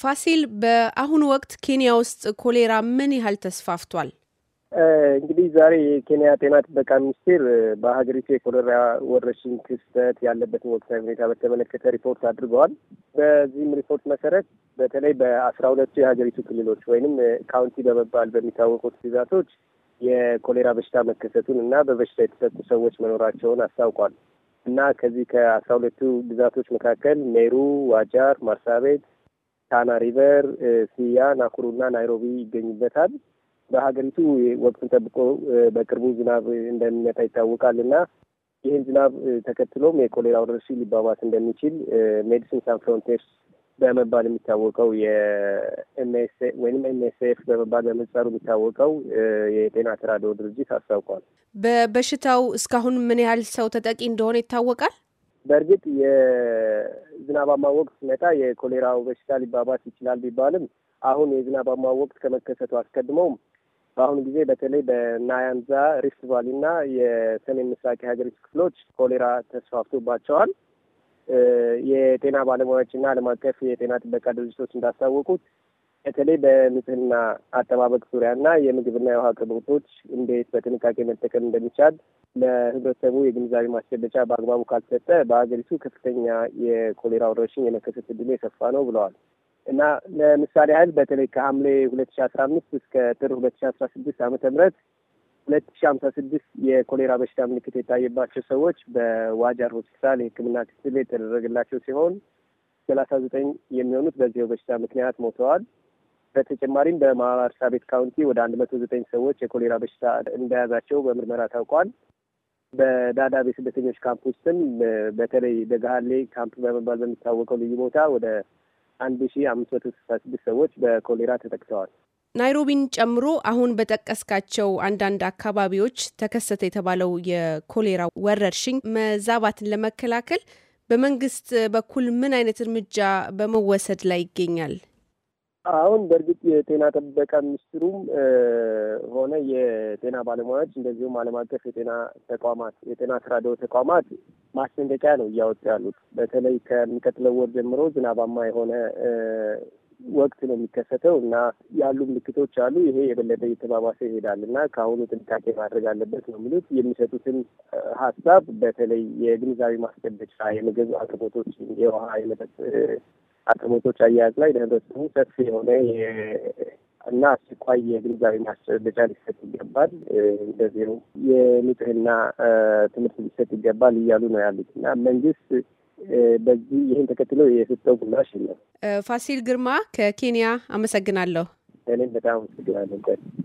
ፋሲል፣ በአሁኑ ወቅት ኬንያ ውስጥ ኮሌራ ምን ያህል ተስፋፍቷል? እንግዲህ ዛሬ የኬንያ ጤና ጥበቃ ሚኒስቴር በሀገሪቱ የኮሌራ ወረርሽኝ ክስተት ያለበትን ወቅታዊ ሁኔታ በተመለከተ ሪፖርት አድርገዋል። በዚህም ሪፖርት መሰረት በተለይ በአስራ ሁለቱ የሀገሪቱ ክልሎች ወይንም ካውንቲ በመባል በሚታወቁት ግዛቶች የኮሌራ በሽታ መከሰቱን እና በበሽታ የተጠቁ ሰዎች መኖራቸውን አስታውቋል እና ከዚህ ከአስራ ሁለቱ ግዛቶች መካከል ሜሩ፣ ዋጃር፣ ማርሳቤት ታና ሪቨር፣ ሲያ፣ እና ናይሮቢ ይገኙበታል። በሀገሪቱ ወቅቱን ጠብቆ በቅርቡ ዝናብ እንደሚመጣ ይታወቃል እና ይህን ዝናብ ተከትሎም የኮሌራ ወረርሽኝ ሊባባስ እንደሚችል ሜዲሲን ሳን ፍሮንቴርስ በመባል የሚታወቀው የኤምኤስ ወይም ኤምኤስኤፍ በመባል በምህጻሩ የሚታወቀው የጤና ተራድኦ ድርጅት አስታውቋል። በበሽታው እስካሁን ምን ያህል ሰው ተጠቂ እንደሆነ ይታወቃል? በእርግጥ የዝናባማ ወቅት ሲመጣ የኮሌራው በሽታ ሊባባስ ይችላል ቢባልም አሁን የዝናባማ ወቅት ከመከሰቱ አስቀድሞም በአሁኑ ጊዜ በተለይ በናያንዛ ሪፍት ቫሊና የሰሜን ምስራቅ የሀገሪቱ ክፍሎች ኮሌራ ተስፋፍቶባቸዋል። የጤና ባለሙያዎችና ዓለም አቀፍ የጤና ጥበቃ ድርጅቶች እንዳስታወቁት በተለይ በንጽህና አጠባበቅ ዙሪያና የምግብና የውሃ አቅርቦቶች እንዴት በጥንቃቄ መጠቀም እንደሚቻል ለህብረተሰቡ የግንዛቤ ማስጨበጫ በአግባቡ ካልተሰጠ በሀገሪቱ ከፍተኛ የኮሌራ ወረርሽኝ የመከሰት ዕድሉ የሰፋ ነው ብለዋል እና ለምሳሌ ያህል በተለይ ከሐምሌ ሁለት ሺ አስራ አምስት እስከ ጥር ሁለት ሺ አስራ ስድስት ዓመተ ምህረት ሁለት ሺ ሀምሳ ስድስት የኮሌራ በሽታ ምልክት የታየባቸው ሰዎች በዋጃር ሆስፒታል የሕክምና ክትትል የተደረገላቸው ሲሆን ሰላሳ ዘጠኝ የሚሆኑት በዚህ በሽታ ምክንያት ሞተዋል። በተጨማሪም ቤት ካውንቲ ወደ አንድ መቶ ዘጠኝ ሰዎች የኮሌራ በሽታ እንደያዛቸው በምርመራ ታውቋል። በዳዳቤ ስደተኞች ካምፕ ውስጥም በተለይ ደጋሃሌ ካምፕ በመባል በሚታወቀው ልዩ ቦታ ወደ አንድ ሺ አምስት መቶ ስልሳ ስድስት ሰዎች በኮሌራ ተጠቅተዋል። ናይሮቢን ጨምሮ አሁን በጠቀስካቸው አንዳንድ አካባቢዎች ተከሰተ የተባለው የኮሌራ ወረርሽኝ መዛባትን ለመከላከል በመንግስት በኩል ምን አይነት እርምጃ በመወሰድ ላይ ይገኛል? አሁን በእርግጥ የጤና ጥበቃ ሚኒስትሩም ሆነ የጤና ባለሙያዎች እንደዚሁም ዓለም አቀፍ የጤና ተቋማት የጤና ስራደው ተቋማት ማስጠንቀቂያ ነው እያወጡ ያሉት። በተለይ ከሚቀጥለው ወር ጀምሮ ዝናባማ የሆነ ወቅት ነው የሚከሰተው እና ያሉ ምልክቶች አሉ። ይሄ የበለጠ እየተባባሰ ይሄዳል እና ከአሁኑ ጥንቃቄ ማድረግ አለበት ነው የሚሉት። የሚሰጡትን ሀሳብ በተለይ የግንዛቤ ማስጨበጫ፣ የምግብ አቅርቦቶች፣ የውሃ፣ የመጠጥ አቅርቦቶች አያያዝ ላይ ለህብረተሰቡ ሰፊ የሆነ እና አስቸኳይ የግንዛቤ ማስጨበጫ ሊሰጥ ይገባል። እንደዚሁ የንጽህና ትምህርት ሊሰጥ ይገባል እያሉ ነው ያሉት እና መንግስት በዚህ ይህን ተከትሎ የሰጠው ጉላሽ ነው። ፋሲል ግርማ ከኬንያ አመሰግናለሁ። እኔም በጣም አመሰግናለሁ።